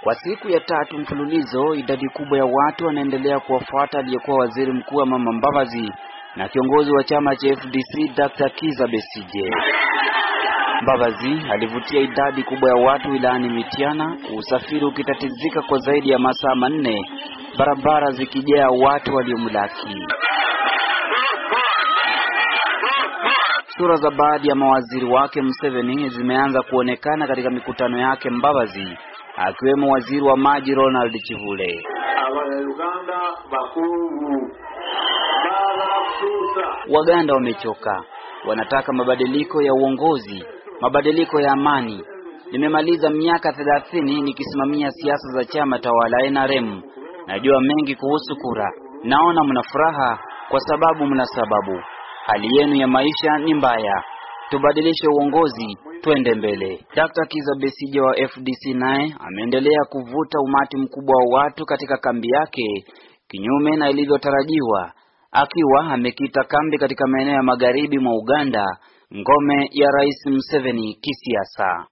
Kwa siku ya tatu mfululizo, idadi kubwa ya watu wanaendelea kuwafuata aliyekuwa waziri mkuu wa Mama Mbabazi na kiongozi wa chama cha FDC Dr. Kiza Besije. Mbabazi alivutia idadi kubwa ya watu wilayani Mitiana, usafiri ukitatizika kwa zaidi ya masaa manne, barabara zikijaa watu waliomlaki. Sura za baadhi ya mawaziri wake Museveni zimeanza kuonekana katika mikutano yake Mbabazi, akiwemo waziri wa maji Ronald Chivule. Waganda wamechoka, wanataka mabadiliko ya uongozi, mabadiliko ya amani. Nimemaliza miaka 30 nikisimamia siasa za chama tawala NRM. Najua mengi kuhusu kura. Naona mna furaha kwa sababu mna sababu hali yenu ya maisha ni mbaya, tubadilishe uongozi, twende mbele. Dr. Kiza Besije wa FDC naye ameendelea kuvuta umati mkubwa wa watu katika kambi yake, kinyume na ilivyotarajiwa, akiwa amekita kambi katika maeneo ya magharibi mwa Uganda, ngome ya Rais Museveni kisiasa.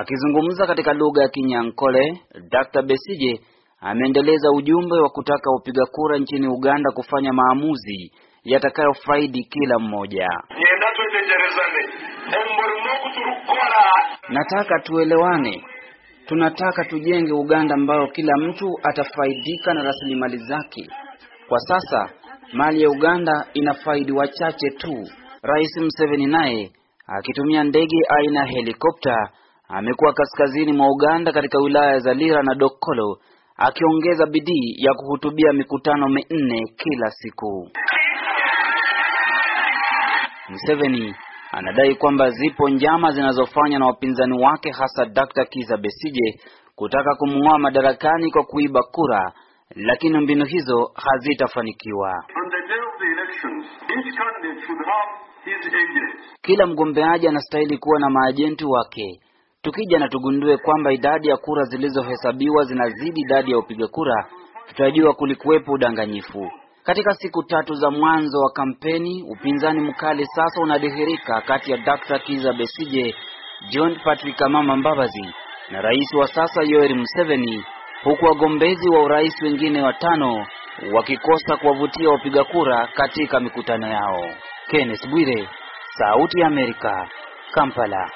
Akizungumza katika lugha ya Kinyankole, Dr. Besije ameendeleza ujumbe wa kutaka wapiga kura nchini Uganda kufanya maamuzi yatakayofaidi kila mmoja. Nataka tuelewane. Tunataka tujenge Uganda ambayo kila mtu atafaidika na rasilimali zake. Kwa sasa mali ya Uganda inafaidi wachache tu. Rais Museveni naye akitumia ndege aina ya helikopta amekuwa kaskazini mwa Uganda katika wilaya za Lira na Dokolo akiongeza bidii ya kuhutubia mikutano minne kila siku. Museveni anadai kwamba zipo njama zinazofanywa na wapinzani wake hasa Dr. Kiza Besije kutaka kumng'oa madarakani kwa kuiba kura, lakini mbinu hizo hazitafanikiwa. Kila mgombeaji anastahili kuwa na maajenti wake Tukija na tugundue kwamba idadi ya kura zilizohesabiwa zinazidi idadi ya upiga kura, tutajua kulikuwepo udanganyifu. Katika siku tatu za mwanzo wa kampeni, upinzani mkali sasa unadhihirika kati ya Dr. Kiza Besije, John Patrick Amama Mbabazi na rais wa sasa Yoweri Museveni, huku wagombezi wa urais wengine watano wakikosa kuwavutia wapiga kura katika mikutano yao. Kenneth Bwire, Sauti ya Amerika, Kampala.